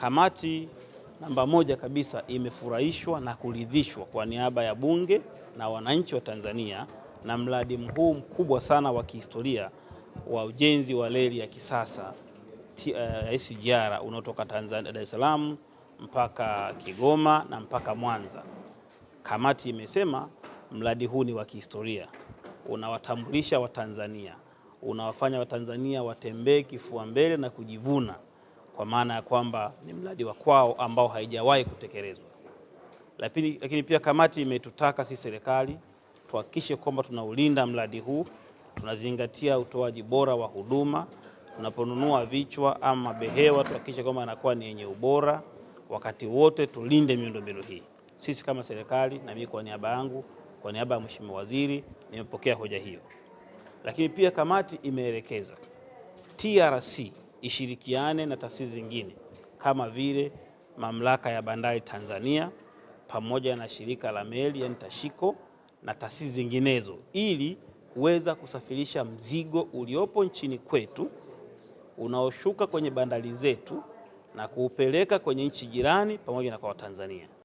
Kamati namba moja kabisa imefurahishwa na kuridhishwa kwa niaba ya Bunge na wananchi wa Tanzania na mradi huu mkubwa sana wa kihistoria wa ujenzi wa reli ya kisasa uh, eh, SGR unaotoka Tanzania Dar es Salaam mpaka Kigoma na mpaka Mwanza. Kamati imesema mradi huu ni wa kihistoria, unawatambulisha Watanzania, unawafanya Watanzania watembee kifua mbele na kujivuna kwa maana ya kwamba ni mradi wa kwao ambao haijawahi kutekelezwa. Lakini, lakini pia kamati imetutaka sisi serikali tuhakikishe kwamba tunaulinda mradi huu, tunazingatia utoaji bora wa huduma tunaponunua vichwa ama behewa, tuhakikishe kwamba anakuwa ni yenye ubora wakati wote, tulinde miundombinu hii. Sisi kama serikali, na mimi kwa niaba yangu, kwa niaba ya Mheshimiwa Waziri, nimepokea hoja hiyo. Lakini pia kamati imeelekeza TRC ishirikiane na taasisi zingine kama vile mamlaka ya bandari Tanzania pamoja na shirika la meli yani Tashiko na taasisi zinginezo ili kuweza kusafirisha mzigo uliopo nchini kwetu unaoshuka kwenye bandari zetu na kuupeleka kwenye nchi jirani pamoja na kwa Watanzania.